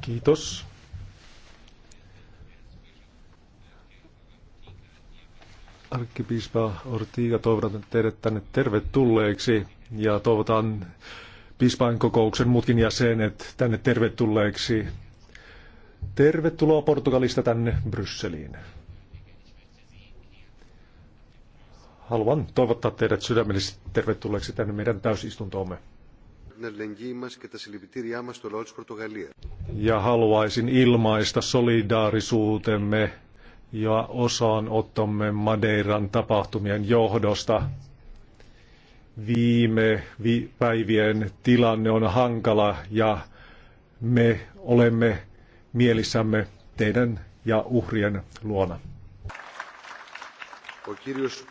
Kiitos. Arkkipiispa Ortiga, toivotan teidät tänne tervetulleeksi ja toivotan piispain kokouksen muutkin jäsenet tänne tervetulleeksi. Tervetuloa Portugalista tänne Brysseliin. Haluan toivottaa teidät sydämellisesti tervetulleeksi tänne meidän täysistuntoomme την αλληλεγγύη μας και τα συλληπιτήριά μας στο λαό της Πορτογαλίας. Ja haluaisin ilmaista solidaarisuutemme ja osanottomme Madeiran tapahtumien johdosta. Viime vi- päivien tilanne on hankala ja me olemme mielissämme teidän ja uhrien luona. Ο κύριος